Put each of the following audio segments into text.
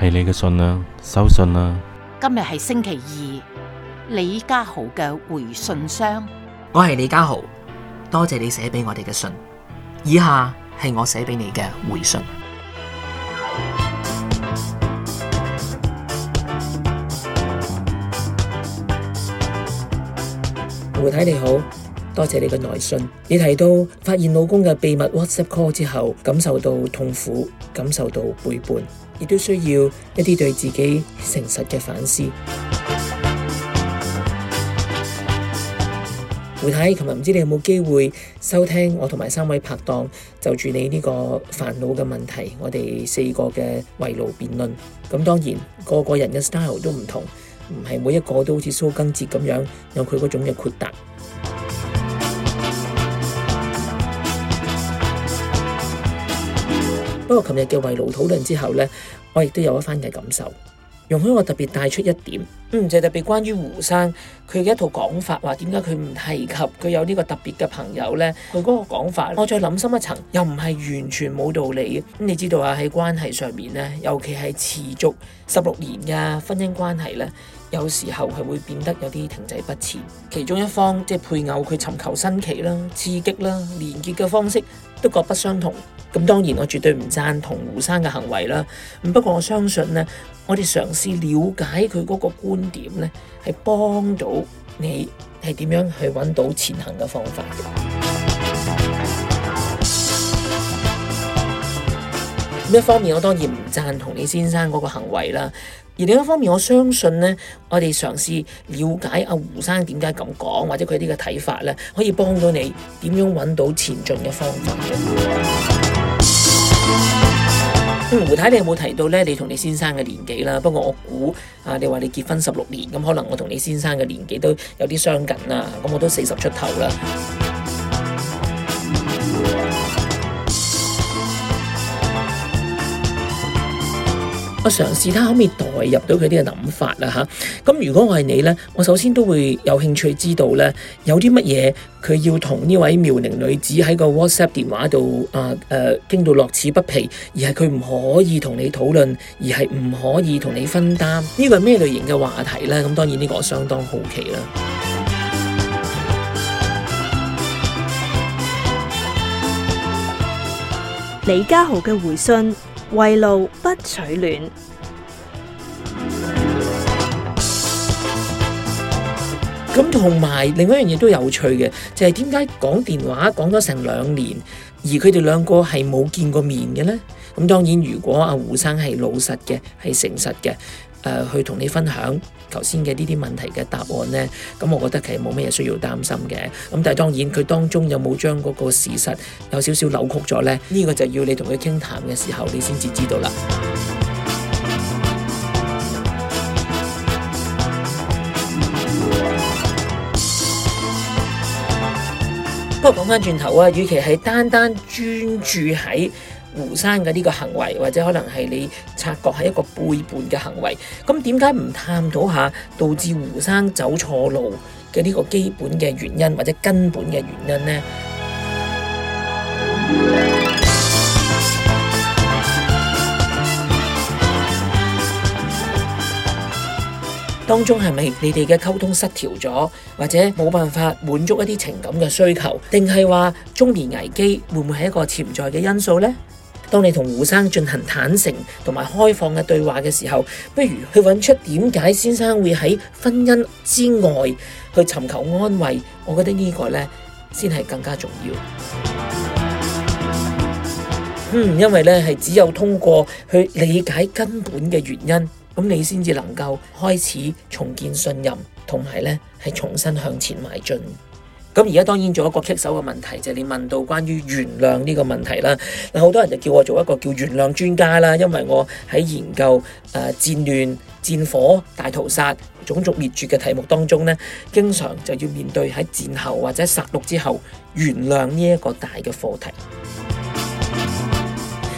係你嘅信啦，收信啦。今日係星期二，李家豪嘅回信箱。我係李家豪，多謝你寫俾我哋嘅信。以下係我寫俾你嘅回信。胡太你好，多謝你嘅來信。你提到發現老公嘅秘密 WhatsApp call 之後，感受到痛苦，感受到背叛。亦都需要一啲對自己誠實嘅反思。胡太，琴日唔知你有冇機會收聽我同埋三位拍檔就住你呢個煩惱嘅問題，我哋四個嘅圍爐辯論。咁當然個個人嘅 style 都唔同，唔係每一個都好似蘇更哲咁樣有佢嗰種嘅豁達。不過琴日嘅圍爐討論之後呢。我亦都有一番嘅感受，容許我特別帶出一點，嗯，就是、特別關於胡生佢嘅一套講法，話點解佢唔提及佢有呢個特別嘅朋友呢？佢嗰個講法，我再諗深一層，又唔係完全冇道理嘅。咁你知道啊，喺關係上面呢，尤其係持續十六年嘅婚姻關係呢，有時候係會變得有啲停滯不前，其中一方即係、就是、配偶佢尋求新奇啦、刺激啦、連結嘅方式，都各不相同，咁當然我絕對唔贊同胡生嘅行為啦。不過我相信呢，我哋嘗試了解佢嗰個觀點呢，係幫到你係點樣去揾到前行嘅方法嘅。一方面，我當然唔贊同你先生嗰個行為啦。而另一方面，我相信呢，我哋嘗試了解阿胡生點解咁講，或者佢呢個睇法呢，可以幫到你點樣揾到前進嘅方法嘅。 胡太，你有冇提到呢，你同你先生嘅年紀啦？不過我估啊，你話你結婚十六年，咁可能我同你先生嘅年紀都有啲相近啦。咁我都四十出頭啦。 我嘗試下可唔可以代入到佢啲嘅諗法啦吓，咁、啊、如果我係你呢，我首先都會有興趣知道呢，有啲乜嘢佢要同呢位妙齡女子喺個 WhatsApp 電話度啊誒，傾、啊、到樂此不疲，而係佢唔可以同你討論，而係唔可以同你分擔，呢個係咩類型嘅話題呢？咁當然呢個我相當好奇啦。李家豪嘅回信。圍爐不取暖，咁同埋另一樣嘢都有趣嘅，就係點解講電話講咗成兩年，而佢哋兩個係冇見過面嘅呢？咁當然，如果阿胡生係老實嘅，係誠實嘅。誒、呃、去同你分享頭先嘅呢啲問題嘅答案呢，咁我覺得其實冇乜嘢需要擔心嘅。咁但係當然佢當中有冇將嗰個事實有少少扭曲咗呢？呢、呢個就要你同佢傾談嘅時候，你先至知道啦。不過講翻轉頭啊，與其係單單專注喺。胡生嘅呢個行為，或者可能係你察覺係一個背叛嘅行為，噉點解唔探討下導致胡生走錯路嘅呢個基本嘅原因或者根本嘅原因呢？當中係咪你哋嘅溝通失調咗，或者冇辦法滿足一啲情感嘅需求，定係話中年危機會唔會係一個潛在嘅因素呢？當你同胡生進行坦誠同埋開放嘅對話嘅時候，不如去揾出點解先生會喺婚姻之外去尋求安慰。我覺得呢個呢，先係更加重要。嗯，因為呢係只有通過去理解根本嘅原因，咁你先至能夠開始重建信任，同埋呢係重新向前邁進。咁而家當然做一個棘手嘅問題就係、是、你問到關於原諒呢個問題啦。嗱，好多人就叫我做一個叫原諒專家啦，因為我喺研究誒、呃、戰亂、戰火、大屠殺、種族滅絕嘅題目當中呢，經常就要面對喺戰後或者殺戮之後原諒呢一個大嘅課題。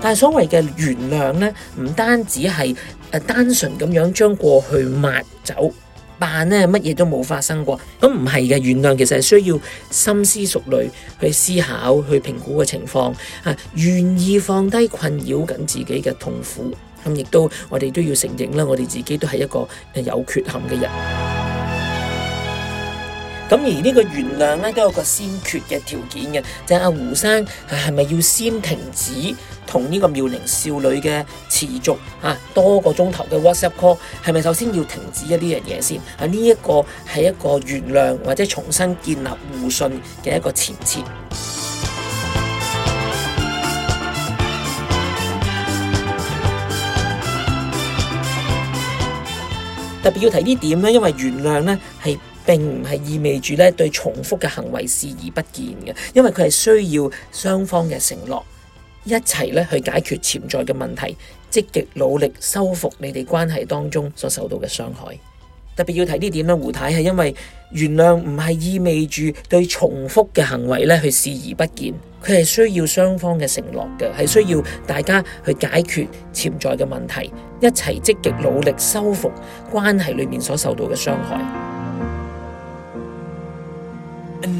但係所謂嘅原諒呢，唔單止係誒單純咁樣將過去抹走。扮咧乜嘢都冇發生過，咁唔係嘅，原諒其實係需要深思熟慮去思考、去評估嘅情況下，願意放低困擾緊自己嘅痛苦，咁亦都我哋都要承認啦，我哋自己都係一個有缺陷嘅人。咁而呢個原諒咧都有個先決嘅條件嘅，就係、是、阿胡生係咪要先停止同呢個妙齡少女嘅持續嚇多個鐘頭嘅 WhatsApp call？係咪首先要停止一啲樣嘢先？啊，呢一個係一個原諒或者重新建立互信嘅一個前提。特別要提啲點咧，因為原諒咧係，並唔係意味住咧對重複嘅行為視而不見嘅，因為佢係需要雙方嘅承諾，一齊咧去解決潛在嘅問題，積極努力修復你哋關係當中所受到嘅傷害。特別要提呢點咧，胡太係因為原諒唔係意味住對重複嘅行為咧去視而不見，佢係需要雙方嘅承諾嘅，係需要大家去解決潛在嘅問題，一齊積極努力修復關係裏面所受到嘅傷害。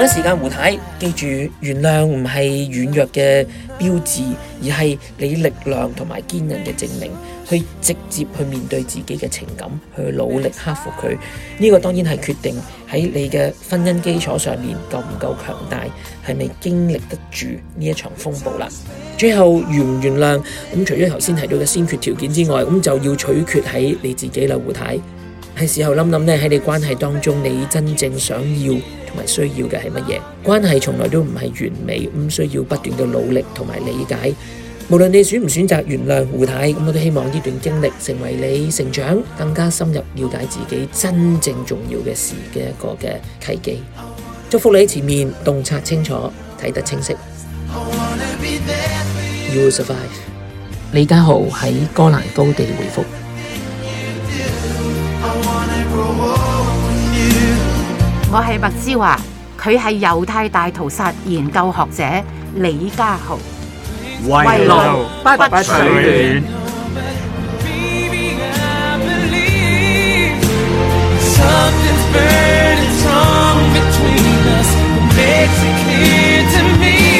等時間，胡太記住，原諒唔係軟弱嘅標誌，而係你力量同埋堅韌嘅證明。去直接去面對自己嘅情感，去努力克服佢。呢個當然係決定喺你嘅婚姻基礎上面夠唔夠強大，係咪經歷得住呢一場風暴啦。最後原唔原諒咁，除咗頭先提到嘅先決條件之外，咁就要取決喺你自己啦，胡太。係時候諗諗呢，喺你關係當中，你真正想要。唔係需要嘅係乜嘢？關係從來都唔係完美，唔需要不斷嘅努力同埋理解。無論你選唔選擇原諒胡太，咁我都希望呢段經歷成為你成長更加深入了解自己真正重要嘅事嘅一個嘅契機。祝福你喺前面洞察清楚，睇得清晰。You will survive。李家豪喺戈蘭高地回復。我是麥之華，佢係猶太大屠殺研究學者李家豪。圍爐不取暖。拜拜